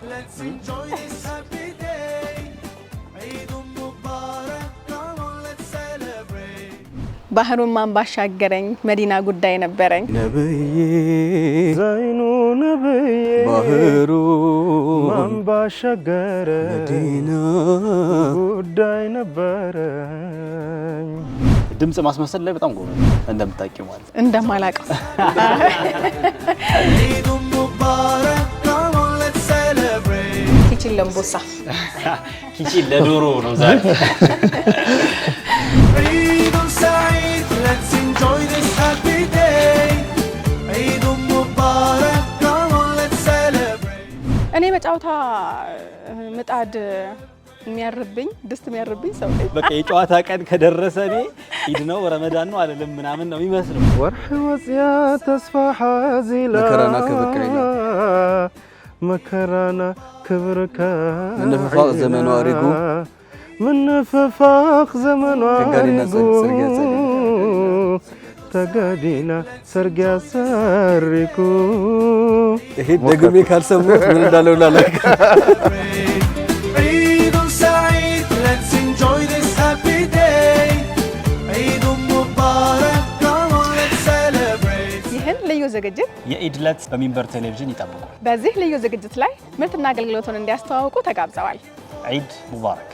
Let's enjoy this happy day. ባህሩን ማን ባሻገረኝ መዲና ጉዳይ ነበረኝ ነብዬ ዘይኑ ነብዬ ባህሩ ማን ባሻገረ መዲና ጉዳይ ነበረኝ። ድምፅ ማስመሰል ላይ በጣም ጎበዝ እንደምታውቂው ማለት እንደማላውቀው ኪቺን ለምቦሳ ኪቺን ለዶሮ ነው ዛሬ። እኔ በጨዋታ ምጣድ የሚያርብኝ ድስት የሚያርብኝ ሰው በቃ የጨዋታ ቀን ከደረሰ እኔ ኢድ ነው ረመዳን ነው አለልም ምናምን ነው የሚመስለው ወርህ ወጽያ ተስፋ ሀዚላ መከራና ከበቀለኝ መከራና ክብርከ ምንፍፋቅ ዘመኑ አሪጉ ምንፍፋቅ ዘመኑ አሪጉ ተጋዲና ሰርግ ያሰሪኩ ይሄ ደግሜ ካልሰሙት ምን እንዳለው ዝግጅት የኢድለት በሚንበር ቴሌቪዥን ይጠብቁ። በዚህ ልዩ ዝግጅት ላይ ምርትና አገልግሎቱን እንዲያስተዋውቁ ተጋብዘዋል። ዒድ ሙባረክ።